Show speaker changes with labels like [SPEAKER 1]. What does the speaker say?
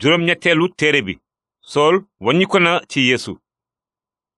[SPEAKER 1] juróom ñetteelu téere bi sool waññi ko na ci yéesu